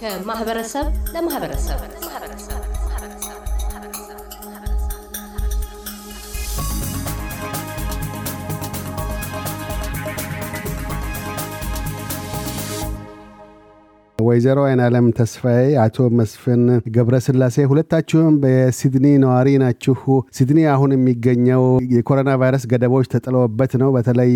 ከማህበረሰብ ለማህበረሰብ ወይዘሮ አይናለም ተስፋዬ፣ አቶ መስፍን ገብረስላሴ ሁለታችሁም በሲድኒ ነዋሪ ናችሁ። ሲድኒ አሁን የሚገኘው የኮሮና ቫይረስ ገደቦች ተጥለውበት ነው። በተለይ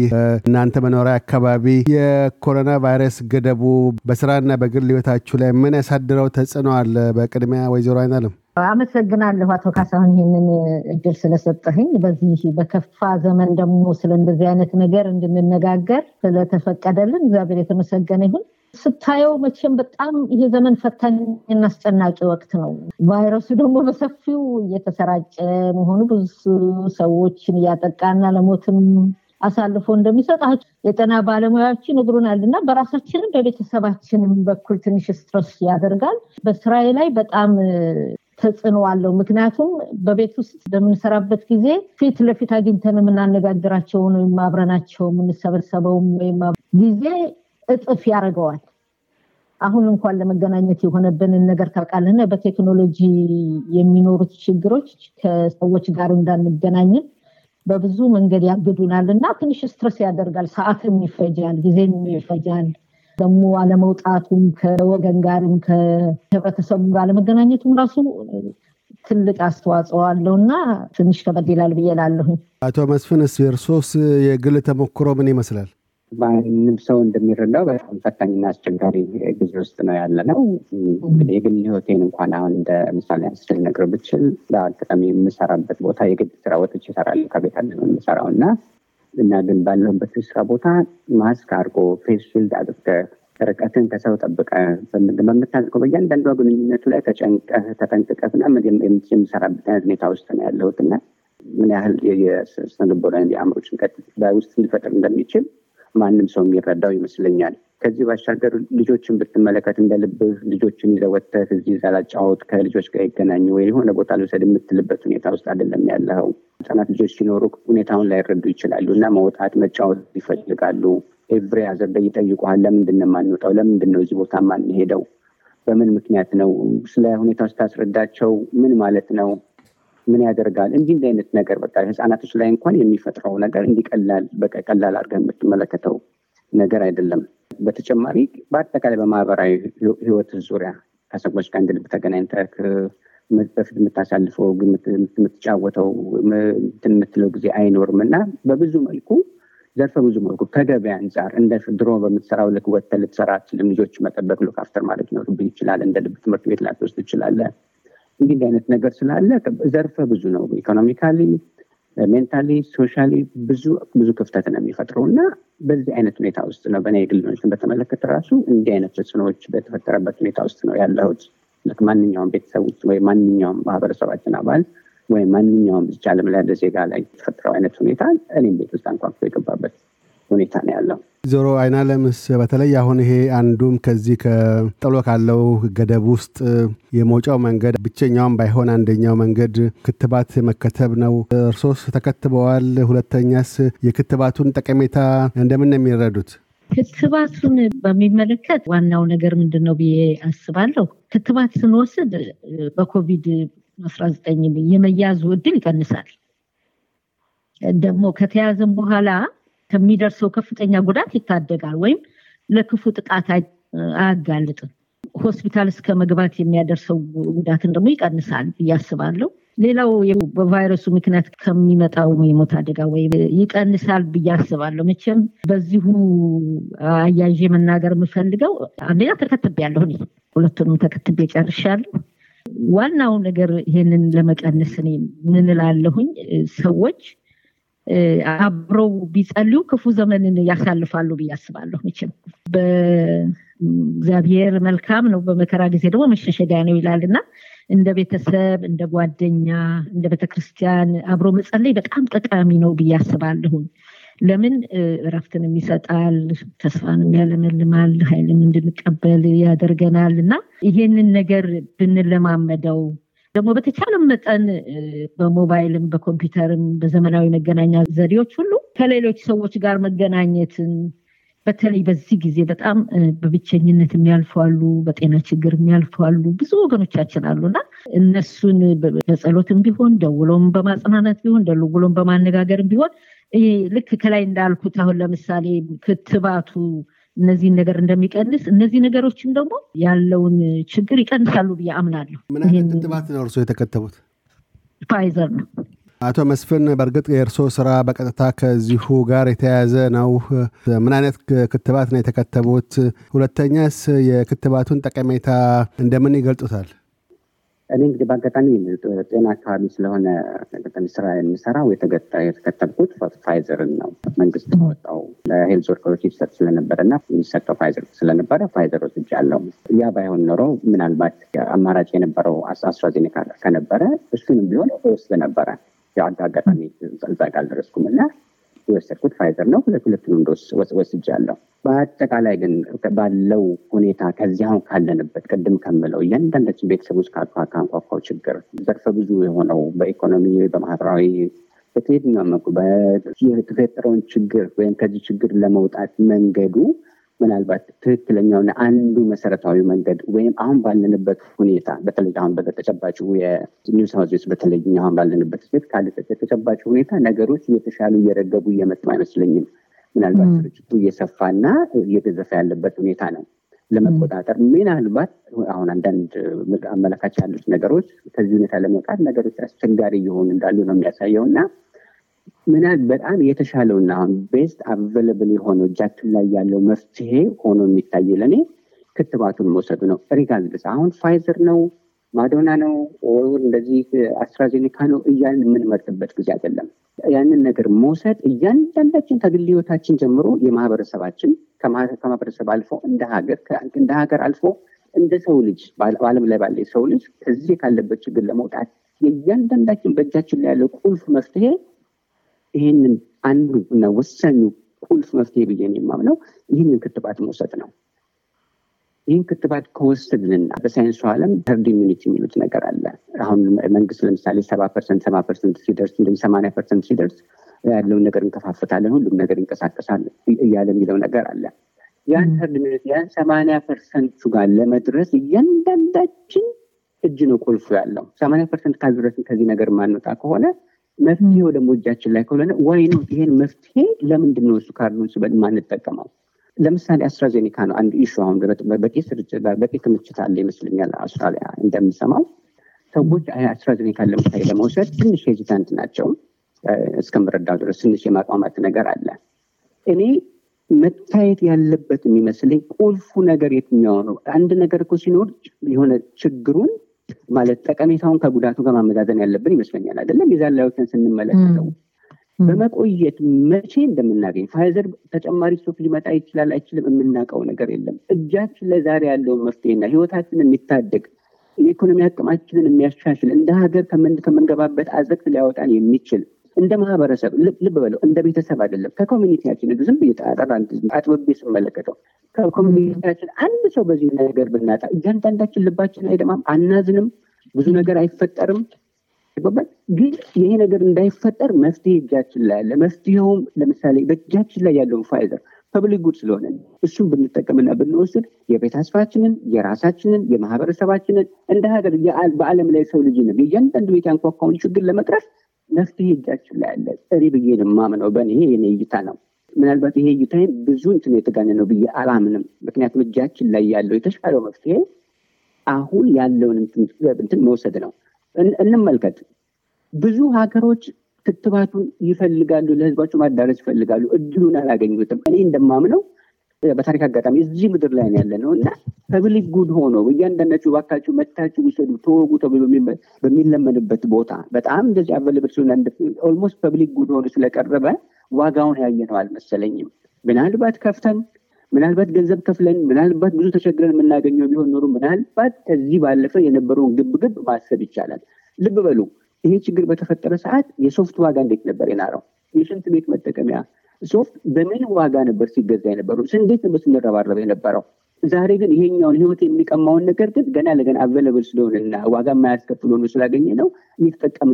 እናንተ መኖሪያ አካባቢ የኮሮና ቫይረስ ገደቡ በስራና በግል ህይወታችሁ ላይ ምን ያሳድረው ተጽዕኖ አለ? በቅድሚያ ወይዘሮ አይናለም። አመሰግናለሁ አቶ ካሳሁን ይህንን እድል ስለሰጠህኝ። በዚህ በከፋ ዘመን ደግሞ ስለ እንደዚህ አይነት ነገር እንድንነጋገር ስለተፈቀደልን እግዚአብሔር የተመሰገነ ይሁን። ስታየው መቼም በጣም ይሄ ዘመን ፈታኝና አስጨናቂ ወቅት ነው። ቫይረሱ ደግሞ በሰፊው እየተሰራጨ መሆኑ ብዙ ሰዎችን እያጠቃና ለሞትም አሳልፎ እንደሚሰጣቸው የጤና ባለሙያዎች ይነግሩናል። እና በራሳችንም በቤተሰባችንም በኩል ትንሽ ስትረስ ያደርጋል። በስራዬ ላይ በጣም ተጽዕኖ አለው። ምክንያቱም በቤት ውስጥ በምንሰራበት ጊዜ ፊት ለፊት አግኝተን የምናነጋግራቸውን ወይም አብረናቸው የምንሰበሰበውም ወይም ጊዜ እጥፍ ያደርገዋል። አሁን እንኳን ለመገናኘት የሆነብንን ነገር ታውቃለህ። በቴክኖሎጂ የሚኖሩት ችግሮች ከሰዎች ጋር እንዳንገናኝን በብዙ መንገድ ያግዱናል እና ትንሽ ስትረስ ያደርጋል። ሰዓትም ይፈጃል፣ ጊዜም ይፈጃል። ደግሞ አለመውጣቱም ከወገን ጋርም ከህብረተሰቡ ጋር አለመገናኘቱም ራሱ ትልቅ አስተዋጽኦ አለው እና ትንሽ ከበድ ይላል ብዬ ላለሁኝ። አቶ መስፍንስ የእርሶስ የግል ተሞክሮ ምን ይመስላል? ማንም ሰው እንደሚረዳው በጣም ፈታኝና አስቸጋሪ ጊዜ ውስጥ ነው ያለ ነው። እንግዲህ የግል ህይወቴን እንኳን አሁን እንደ ምሳሌ አንስቼ ነገር ብችል በአጋጣሚ የምሰራበት ቦታ የግድ ስራ ወጥቼ እሰራለሁ። ከቤት አለ ነው የምሰራው እና እና ግን ባለሁበት ስራ ቦታ ማስክ አድርጎ ፌስ ሺልድ አድርገህ ርቀትን ከሰው ጠብቀ በምታደርገው በእያንዳንዷ ግንኙነቱ ላይ ተጨንቀህ ተጠንቅቀህ እና የምትሰራበት አይነት ሁኔታ ውስጥ ነው ያለሁት እና ምን ያህል የስነልቦና የአእምሮ ጭንቀት በውስጥ ሊፈጥር እንደሚችል ማንም ሰው የሚረዳው ይመስለኛል። ከዚህ ባሻገር ልጆችን ብትመለከት እንደ ልብህ ልጆችን ይዘወተህ እዚህ ዛላጫወት ከልጆች ጋር ይገናኙ ወይ የሆነ ቦታ ልውሰድ የምትልበት ሁኔታ ውስጥ አይደለም ያለኸው። ህጻናት ልጆች ሲኖሩ ሁኔታውን ላይረዱ ይችላሉ እና መውጣት መጫወት ይፈልጋሉ። ኤቭሪ አዘር ላይ ይጠይቁሃል። ለምንድን ነው የማንወጣው? ለምንድን ነው እዚህ ቦታ የማንሄደው? በምን ምክንያት ነው? ስለ ሁኔታው ስታስረዳቸው ምን ማለት ነው ምን ያደርጋል እንዲህ እንዲህ አይነት ነገር በቃ ህፃናቶች ላይ እንኳን የሚፈጥረው ነገር እንዲቀላል በቃ ቀላል አድርገን የምትመለከተው ነገር አይደለም። በተጨማሪ በአጠቃላይ በማህበራዊ ህይወት ዙሪያ ከሰዎች ጋር እንድልብ ተገናኝተክ በፊት የምታሳልፈው የምትጫወተው የምትለው ጊዜ አይኖርም እና በብዙ መልኩ ዘርፈ ብዙ መልኩ ከገበያ አንጻር እንደ ድሮ በምትሰራው ልክ ወጥተህ ልትሰራ አትችልም። ልጆች መጠበቅ ሉክ አፍተር ማለት ይኖርብህ ይችላል። እንደ ልብ ትምህርት ቤት ላትወስድ ይችላለ እንዲህ አይነት ነገር ስላለ ዘርፈ ብዙ ነው። ኢኮኖሚካሊ፣ ሜንታሊ፣ ሶሻሊ ብዙ ብዙ ክፍተት ነው የሚፈጥረው እና በዚህ አይነት ሁኔታ ውስጥ ነው በእኔ የግልኖችን በተመለከተ ራሱ እንዲህ አይነት ተጽዕኖዎች በተፈጠረበት ሁኔታ ውስጥ ነው ያለሁት። ማንኛውም ቤተሰብ ውስጥ ወይ ማንኛውም ማህበረሰባችን አባል ወይም ማንኛውም ብቻ ለምላደ ዜጋ ላይ የተፈጠረው አይነት ሁኔታ እኔም ቤት ውስጥ አንኳኩቶ የገባበት ሁኔታ ነው ያለው። ዞሮ አይና ለምስ በተለይ አሁን ይሄ አንዱም ከዚህ ከጥሎ ካለው ገደብ ውስጥ የመውጫው መንገድ ብቸኛውም ባይሆን አንደኛው መንገድ ክትባት መከተብ ነው። እርሶስ ተከትበዋል? ሁለተኛስ የክትባቱን ጠቀሜታ እንደምን ነው የሚረዱት? ክትባቱን በሚመለከት ዋናው ነገር ምንድን ነው ብዬ አስባለሁ። ክትባት ስንወስድ በኮቪድ አስራ ዘጠኝ የመያዙ እድል ይቀንሳል። ደግሞ ከተያዘም በኋላ ከሚደርሰው ከፍተኛ ጉዳት ይታደጋል ወይም ለክፉ ጥቃት አያጋልጥም። ሆስፒታል እስከ መግባት የሚያደርሰው ጉዳትን ደግሞ ይቀንሳል ብዬ አስባለሁ። ሌላው በቫይረሱ ምክንያት ከሚመጣው የሞት አደጋ ወይም ይቀንሳል ብዬ አስባለሁ። መቼም በዚሁ አያዥ መናገር የምፈልገው አንደኛ ያለሁ ሁለቱንም ተከትቤ ጨርሻለሁ። ዋናው ነገር ይህንን ለመቀነስ እኔ ምን እላለሁኝ ሰዎች አብረው ቢጸልዩ ክፉ ዘመንን ያሳልፋሉ ብዬ አስባለሁ። መቼም በእግዚአብሔር መልካም ነው፣ በመከራ ጊዜ ደግሞ መሸሸጊያ ነው ይላል እና እንደ ቤተሰብ፣ እንደ ጓደኛ፣ እንደ ቤተክርስቲያን አብሮ መጸለይ በጣም ጠቃሚ ነው ብዬ አስባለሁኝ። ለምን እረፍትንም ይሰጣል፣ ተስፋንም ያለመልማል፣ ኃይልን እንድንቀበል ያደርገናል እና ይሄንን ነገር ብንለማመደው ደግሞ በተቻለ መጠን በሞባይልም በኮምፒውተርም በዘመናዊ መገናኛ ዘዴዎች ሁሉ ከሌሎች ሰዎች ጋር መገናኘትን በተለይ በዚህ ጊዜ በጣም በብቸኝነት የሚያልፏሉ፣ በጤና ችግር የሚያልፏሉ ብዙ ወገኖቻችን አሉና እነሱን በጸሎትም ቢሆን ደውሎም በማጽናናት ቢሆን ደውሎም በማነጋገርም ቢሆን ልክ ከላይ እንዳልኩት አሁን ለምሳሌ ክትባቱ እነዚህን ነገር እንደሚቀንስ እነዚህ ነገሮችም ደግሞ ያለውን ችግር ይቀንሳሉ ብዬ አምናለሁ። ምን አይነት ክትባት ነው እርሶ የተከተቡት? ፋይዘር ነው። አቶ መስፍን፣ በእርግጥ የእርሶ ስራ በቀጥታ ከዚሁ ጋር የተያያዘ ነው። ምን አይነት ክትባት ነው የተከተቡት? ሁለተኛስ የክትባቱን ጠቀሜታ እንደምን ይገልጡታል? እኔ እንግዲህ በአጋጣሚ ጤና አካባቢ ስለሆነ አጋጣሚ ስራ የሚሰራው የተከተብኩት ፋይዘርን ነው። መንግስት ወጣው ለሄልዝ ወርከሮች ይሰጥ ስለነበረ እና የሚሰጠው ፋይዘር ስለነበረ ፋይዘር ወስጃለሁ። ያ ባይሆን ኖሮ ምናልባት አማራጭ የነበረው አስትራዜኔካ ከነበረ እሱንም ቢሆን ወስድ ነበረ። ያው አጋጣሚ እዛ አልደረስኩም እና የወሰድኩት ፋይዘር ነው። ሁለት ሁለቱንም ዶስ ወስጃለሁ። በአጠቃላይ ግን ባለው ሁኔታ ከዚህ አሁን ካለንበት ቅድም ከምለው እያንዳንዳችን ቤተሰቦች ካንኳኳው ችግር ዘርፈ ብዙ የሆነው በኢኮኖሚ በማህበራዊ መ የተፈጠረውን ችግር ወይም ከዚህ ችግር ለመውጣት መንገዱ ምናልባት ትክክለኛውን አንዱ መሰረታዊ መንገድ ወይም አሁን ባለንበት ሁኔታ በተለይ አሁን በተጨባጭ የኒው ሳውዝ ዌልስ በተለይ አሁን ባለንበት ስት ካለበት የተጨባጭ ሁኔታ ነገሮች እየተሻሉ እየረገቡ እየመጡ አይመስለኝም። ምናልባት ስርጭቱ እየሰፋና እየገዘፈ ያለበት ሁኔታ ነው። ለመቆጣጠር ምናልባት አሁን አንዳንድ አመለካች ያሉት ነገሮች ከዚህ ሁኔታ ለመውጣት ነገሮች አስቸጋሪ እየሆኑ እንዳሉ ነው የሚያሳየው እና ምናል በጣም የተሻለውና አሁን ቤስት አቬለብል የሆነው እጃችን ላይ ያለው መፍትሄ ሆኖ የሚታይ ለእኔ ክትባቱን መውሰዱ ነው። ሪጋልስ አሁን ፋይዘር ነው ማዶና ነው እንደዚህ አስትራዜኔካ ነው እያን የምንመርጥበት ጊዜ አይደለም። ያንን ነገር መውሰድ እያንዳንዳችን ከግል ህይወታችን ጀምሮ የማህበረሰባችን ከማህበረሰብ አልፎ እንደ ሀገር እንደ ሀገር አልፎ እንደ ሰው ልጅ በዓለም ላይ ባለ ሰው ልጅ ከዚህ ካለበት ችግር ለመውጣት የእያንዳንዳችን በእጃችን ላይ ያለው ቁልፍ መፍትሄ ይህንን አንዱ እና ወሳኙ ቁልፍ መፍትሄ ብዬን የማምነው ይህንን ክትባት መውሰድ ነው። ይህን ክትባት ከወሰድንና በሳይንሱ አለም ሄርድ ኢሚኒቲ የሚሉት ነገር አለ። አሁን መንግስት ለምሳሌ ሰባ ፐርሰንት ሰባ ፐርሰንት ሲደርስ እንደዚህ ሰማኒያ ፐርሰንት ሲደርስ ያለውን ነገር እንከፋፍታለን፣ ሁሉም ነገር ይንቀሳቀሳል እያለ የሚለው ነገር አለ። ያን ሄርድ ኢሚኒቲ ያን ሰማኒያ ፐርሰንቱ ጋር ለመድረስ እያንዳንዳችን እጅ ነው ቁልፉ ያለው። ሰማኒያ ፐርሰንት ካልደረስን ከዚህ ነገር ማንወጣ ከሆነ መፍትሄው ደግሞ እጃችን ላይ ከሆነ ወይ ነው ይሄን መፍትሄ ለምንድን ነው እሱ ካርዶን ማንጠቀመው ለምሳሌ አስትራዜኒካ ነው አንድ ኢሹ አሁን በቂ በቂ ክምችት አለ ይመስለኛል አውስትራሊያ እንደምሰማው ሰዎች አስትራዜኒካ ለምሳሌ ለመውሰድ ትንሽ ሄዚታንት ናቸው እስከምረዳው ድረስ ትንሽ የማቋማት ነገር አለ እኔ መታየት ያለበት የሚመስለኝ ቁልፉ ነገር የትኛው ነው አንድ ነገር እኮ ሲኖር የሆነ ችግሩን ማለት ጠቀሜታውን ከጉዳቱ ጋር ማመዛዘን ያለብን ይመስለኛል አይደለም የዛን ላዮችን ስንመለከተው በመቆየት መቼ እንደምናገኝ ፋይዘር ተጨማሪ ስቶክ ሊመጣ ይችላል አይችልም የምናውቀው ነገር የለም እጃችን ለዛሬ ያለውን መፍትሄና ህይወታችንን የሚታደግ የኢኮኖሚ አቅማችንን የሚያሻሽል እንደ ሀገር ከምንገባበት አዘቅት ሊያወጣን የሚችል እንደ ማህበረሰብ ልብ በለው እንደ ቤተሰብ አይደለም። ከኮሚኒቲያችን ዝም ብዬ አጥብቤ ስመለከተው ከኮሚኒቲያችን አንድ ሰው በዚህ ነገር ብናጣ እያንዳንዳችን ልባችን አይደማም? አናዝንም? ብዙ ነገር አይፈጠርም? ግን ይሄ ነገር እንዳይፈጠር መፍትሄ እጃችን ላይ ያለ መፍትሄውም ለምሳሌ በእጃችን ላይ ያለውን ፋይዘር ፐብሊክ ጉድ ስለሆነ እሱም ብንጠቀምና ብንወስድ የቤት አስፋችንን የራሳችንን የማህበረሰባችንን እንደ ሀገር በአለም ላይ ሰው ልጅ ነው የእያንዳንዱ ቤት ያንኳኳውን ችግር ለመቅረፍ መፍትሄ እጃችን ላይ አለ። ጥሪ ብዬ ነው የማምነው። በእኔ የኔ እይታ ነው። ምናልባት ይሄ እይታ ብዙ እንትን የተጋነ ነው ብዬ አላምንም። ምክንያቱም እጃችን ላይ ያለው የተሻለው መፍትሄ አሁን ያለውን እንትን መውሰድ ነው። እንመልከት። ብዙ ሀገሮች ክትባቱን ይፈልጋሉ፣ ለህዝባቸው ማዳረስ ይፈልጋሉ። እድሉን አላገኙትም። እኔ እንደማምነው በታሪክ አጋጣሚ እዚህ ምድር ላይ ያለ ነው እና ከብልግ ጉድ ሆኖ እያንዳንዳችሁ ባካችሁ መታችሁ ውሰዱ ተወጉ ተብሎ በሚለመንበት ቦታ በጣም እንደዚህ አቨለብል ሲሆን ኦልሞስት ፐብሊክ ጉድ ሆኖ ስለቀረበ ዋጋውን ያየ ነው አልመሰለኝም። ምናልባት ከፍተን ምናልባት ገንዘብ ከፍለን ምናልባት ብዙ ተቸግረን የምናገኘው ቢሆን ኖሩ ምናልባት ከዚህ ባለፈ የነበረውን ግብግብ ማሰብ ይቻላል። ልብ በሉ ይሄ ችግር በተፈጠረ ሰዓት የሶፍት ዋጋ እንዴት ነበር የናረው? የሽንት ቤት መጠቀሚያ ሶፍት በምን ዋጋ ነበር ሲገዛ የነበሩ እንዴት ነበር ስንረባረበ የነበረው? ዛሬ ግን ይሄኛውን ህይወት የሚቀማውን ነገር ግን ገና ለገና አቬለብል ስለሆነና ዋጋ የማያስከፍል ሆኖ ስላገኘ ነው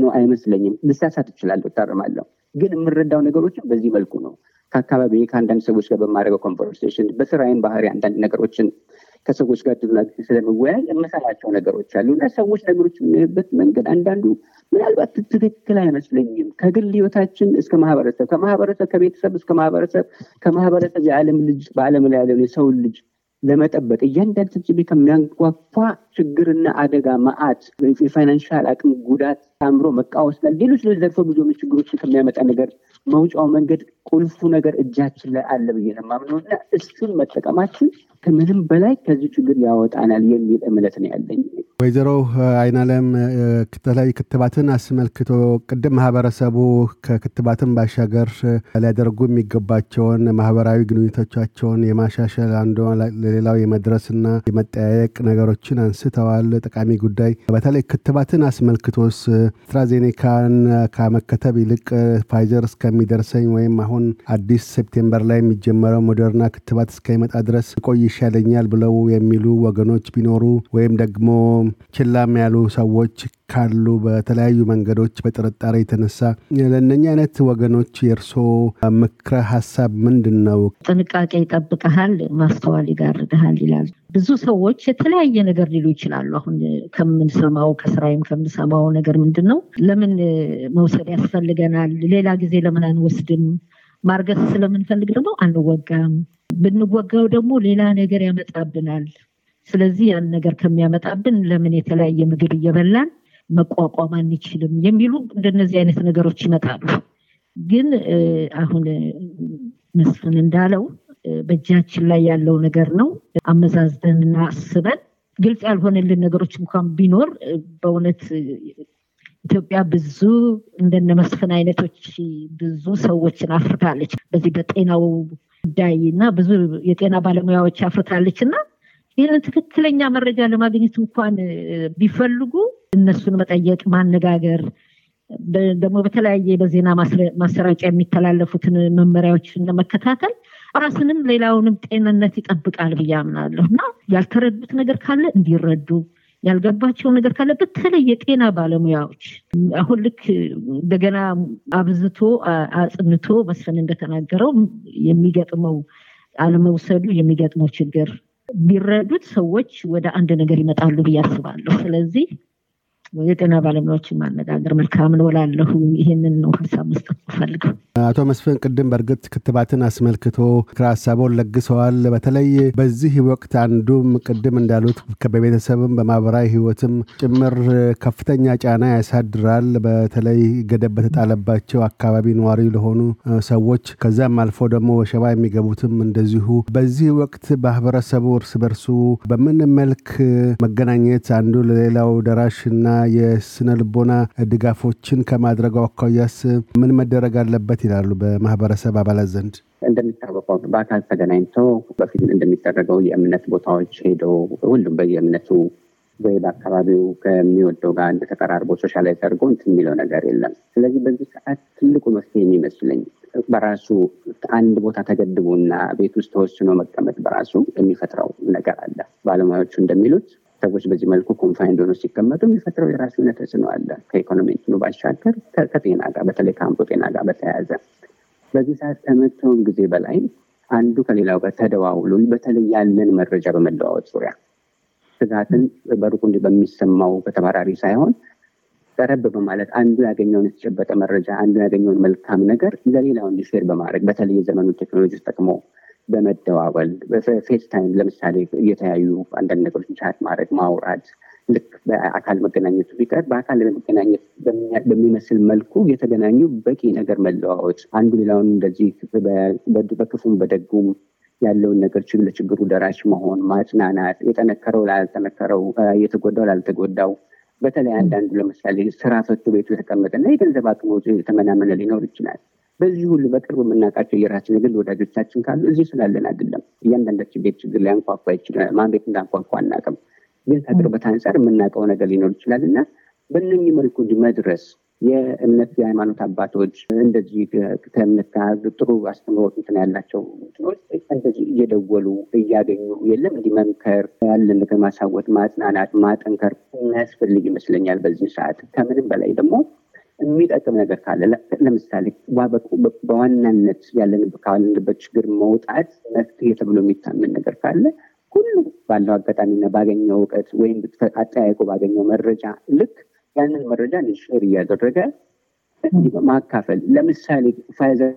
ነው አይመስለኝም። ልሳሳት እችላለሁ፣ ታርማለሁ። ግን የምረዳው ነገሮችን በዚህ መልኩ ነው። ከአካባቢ ከአንዳንድ ሰዎች ጋር በማድረገው ኮንቨርሴሽን፣ በስራይን ባህሪ አንዳንድ ነገሮችን ከሰዎች ጋር ስለመወያይ የምሰራቸው ነገሮች አሉ እና ሰዎች ነገሮች የሚሄበት መንገድ አንዳንዱ ምናልባት ትክክል አይመስለኝም። ከግል ህይወታችን እስከ ማህበረሰብ፣ ከማህበረሰብ ከቤተሰብ እስከ ማህበረሰብ፣ ከማህበረሰብ የዓለም ልጅ በዓለም ላይ ያለውን የሰው ልጅ ለመጠበቅ እያንዳንድ ስብስቤ ከሚያንኳኳ ችግርና አደጋ ማአት የፋይናንሻል አቅም ጉዳት ታምሮ መቃወስ ሌሎች ሌሎች ዘርፈ ብዙ ችግሮች ከሚያመጣ ነገር መውጫው መንገድ ቁልፉ ነገር እጃችን ላይ አለ ብዬ ነው የማምነው እና እሱን መጠቀማችን ከምንም በላይ ከዚህ ችግር ያወጣናል የሚል እምነት ነው ያለኝ። ወይዘሮ አይናለም ከተለያዩ ክትባትን አስመልክቶ ቅድም ማህበረሰቡ ከክትባትን ባሻገር ሊያደርጉ የሚገባቸውን ማህበራዊ ግንኙነቶቻቸውን የማሻሻል አንዱ ለሌላው የመድረስና የመጠያየቅ ነገሮችን አንስተዋል። ጠቃሚ ጉዳይ በተለይ ክትባትን አስመልክቶስ አስትራዜኔካን ከመከተብ ይልቅ ፋይዘር እስከሚደርሰኝ ወይም አሁን አዲስ ሴፕቴምበር ላይ የሚጀመረው ሞደርና ክትባት እስከሚመጣ ድረስ ቆይ ይሻለኛል ብለው የሚሉ ወገኖች ቢኖሩ ወይም ደግሞ ችላም ያሉ ሰዎች ካሉ በተለያዩ መንገዶች በጥርጣሬ የተነሳ ለእነኛ አይነት ወገኖች የእርሶ ምክረ ሀሳብ ምንድን ነው? ጥንቃቄ ይጠብቀሃል፣ ማስተዋል ይጋርድሃል ይላል። ብዙ ሰዎች የተለያየ ነገር ሊሉ ይችላሉ። አሁን ከምንሰማው ከስራይም ከምንሰማው ነገር ምንድን ነው ለምን መውሰድ ያስፈልገናል? ሌላ ጊዜ ለምን አንወስድም? ማርገፍ ስለምንፈልግ ደግሞ አንወጋም። ብንወጋው ደግሞ ሌላ ነገር ያመጣብናል። ስለዚህ ያን ነገር ከሚያመጣብን ለምን የተለያየ ምግብ እየበላን መቋቋም አንችልም የሚሉ እንደነዚህ አይነት ነገሮች ይመጣሉ። ግን አሁን መስፍን እንዳለው በእጃችን ላይ ያለው ነገር ነው። እና አስበን ግልጽ ያልሆነልን ነገሮች እንኳን ቢኖር በእውነት ኢትዮጵያ ብዙ እንደነ መስፍን አይነቶች ብዙ ሰዎችን አፍርታለች። በዚህ በጤናው ጉዳይ እና ብዙ የጤና ባለሙያዎች አፍርታለች እና ይህንን ትክክለኛ መረጃ ለማግኘት እንኳን ቢፈልጉ እነሱን መጠየቅ፣ ማነጋገር ደግሞ በተለያየ በዜና ማሰራጫ የሚተላለፉትን መመሪያዎችን ለመከታተል ራስንም ሌላውንም ጤንነት ይጠብቃል ብዬ አምናለሁ እና ያልተረዱት ነገር ካለ እንዲረዱ ያልገባቸው ነገር ካለ በተለይ የጤና ባለሙያዎች አሁን ልክ እንደገና አብዝቶ አጽንቶ መስፍን እንደተናገረው የሚገጥመው አለመውሰዱ የሚገጥመው ችግር ቢረዱት ሰዎች ወደ አንድ ነገር ይመጣሉ ብዬ አስባለሁ። ስለዚህ የጤና ባለሙያዎችን ማነጋገር መልካም ነው እላለሁ። ይህንን ነው ሀሳብ መስጠት ፈልገው። አቶ መስፍን ቅድም በእርግጥ ክትባትን አስመልክቶ ምክረ ሀሳቦን ለግሰዋል። በተለይ በዚህ ወቅት አንዱም ቅድም እንዳሉት በቤተሰብም በማህበራዊ ህይወትም ጭምር ከፍተኛ ጫና ያሳድራል። በተለይ ገደብ በተጣለባቸው አካባቢ ነዋሪ ለሆኑ ሰዎች ከዛም አልፎ ደግሞ ወሸባ የሚገቡትም እንደዚሁ። በዚህ ወቅት ማህበረሰቡ እርስ በርሱ በምን መልክ መገናኘት አንዱ ለሌላው ደራሽ እና የስነ ልቦና ድጋፎችን ከማድረጉ አኳያስ ምን መደረግ አለበት ይላሉ በማህበረሰብ አባላት ዘንድ? እንደሚታወቀው በአካል ተገናኝቶ በፊት እንደሚደረገው የእምነት ቦታዎች ሄዶ ሁሉም በየእምነቱ ወይ በአካባቢው ከሚወደው ጋር እንደተቀራርቦ ሶሻላይ አድርጎ እንትን የሚለው ነገር የለም። ስለዚህ በዚህ ሰዓት ትልቁ መፍትሄ የሚመስለኝ በራሱ አንድ ቦታ ተገድቦና ቤት ውስጥ ተወስኖ መቀመጥ በራሱ የሚፈጥረው ነገር አለ። ባለሙያዎቹ እንደሚሉት ሰዎች በዚህ መልኩ ኮንፋይንድ ሆኖ ሲቀመጡ የሚፈጥረው የራሱ የሆነ ተጽዕኖ አለ። ከኢኮኖሚ እንትኑ ባሻገር ከጤና ጋር በተለይ ከአእምሮ ጤና ጋር በተያያዘ በዚህ ሰዓት ከመተውን ጊዜ በላይ አንዱ ከሌላው ጋር ተደዋውሎ በተለይ ያለን መረጃ በመለዋወጥ ዙሪያ ስጋትን በሩቁ እንዲህ በሚሰማው በተባራሪ ሳይሆን ቀረብ በማለት አንዱ ያገኘውን የተጨበጠ መረጃ አንዱ ያገኘውን መልካም ነገር ለሌላው እንዲሼር በማድረግ በተለይ የዘመኑ ቴክኖሎጂ ተጠቅሞ በመደዋወል በፌስ ታይም ለምሳሌ እየተያዩ አንዳንድ ነገሮችን ቻት ማድረግ ማውራት ልክ በአካል መገናኘቱ ቢቀር በአካል ለመገናኘት በሚመስል መልኩ እየተገናኙ በቂ ነገር መለዋወጥ አንዱ ሌላውን እንደዚህ በክፉም በደጉም ያለውን ነገር ለችግሩ ደራሽ መሆን ማጽናናት፣ የጠነከረው ላልጠነከረው፣ እየተጎዳው ላልተጎዳው በተለይ አንዳንዱ ለምሳሌ ስራ ፈቱ ቤቱ የተቀመጠና የገንዘብ አቅሞ የተመናመነ ሊኖር ይችላል። በዚህ ሁሉ በቅርብ የምናውቃቸው የራሳችን የግል ወዳጆቻችን ካሉ እዚህ ስላለን አይደለም። እያንዳንዳችን ቤት ችግር ላይ አንኳኳ ይችላል። ማን ቤት እንዳንኳኳ አናውቅም፣ ግን ከቅርበት አንጻር የምናውቀው ነገር ሊኖር ይችላል እና በእነኚህ መልኩ መድረስ የእምነት የሃይማኖት አባቶች እንደዚህ ከእምነት ጋር ጥሩ አስተምሮት እንትን ያላቸው እንደዚህ እየደወሉ እያገኙ የለም እንዲህ መምከር ያለን ነገር ማሳወት፣ ማጽናናት፣ ማጠንከር የሚያስፈልግ ይመስለኛል። በዚህ ሰዓት ከምንም በላይ ደግሞ የሚጠቅም ነገር ካለ ለምሳሌ በዋናነት ካለንበት ችግር መውጣት መፍትሄ ተብሎ የሚታመን ነገር ካለ ሁሉ ባለው አጋጣሚና ባገኘው እውቀት ወይም አጠያይቆ ባገኘው መረጃ ልክ ያንን መረጃ ንሽር እያደረገ ማካፈል ለምሳሌ ፋይዘር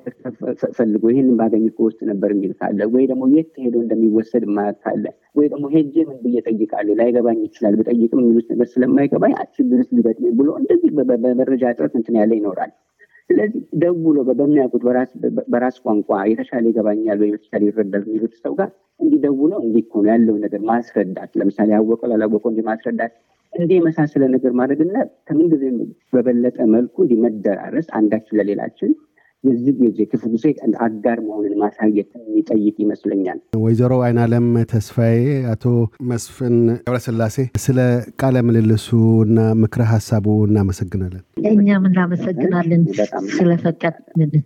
ፈልጎ ይህን ባገኝ ውስጥ ነበር የሚል ካለ ወይ ደግሞ የት ሄዶ እንደሚወሰድ ማያት ካለ ወይ ደግሞ ሄጄ ምን ብዬ ጠይቃሉ ላይገባኝ ይችላል ብጠይቅም የሚሉት ነገር ስለማይገባኝ አችግርስ ሊበጥ ብሎ እንደዚህ በመረጃ ጥረት እንትን ያለ ይኖራል ስለዚህ ደውሎ በሚያውቁት በራስ ቋንቋ የተሻለ ይገባኛል ወይ በተሻለ ይረዳል የሚሉት ሰው ጋር እንዲደውለው እንዲኮኑ ያለው ነገር ማስረዳት ለምሳሌ ያወቀው ላላወቀው እንዲ ማስረዳት እንዲህ የመሳሰለ ነገር ማድረግና ከምንጊዜ በበለጠ መልኩ እንዲመደራረስ አንዳችን ለሌላችን የዚህ ጊዜ ክፉ ጊዜ አጋር መሆንን ማሳየት የሚጠይቅ ይመስለኛል። ወይዘሮ አይናለም ተስፋዬ፣ አቶ መስፍን ገብረስላሴ ስለ ቃለ ምልልሱ እና ምክረ ሀሳቡ እናመሰግናለን። እኛም እናመሰግናለን ስለፈቀድልን።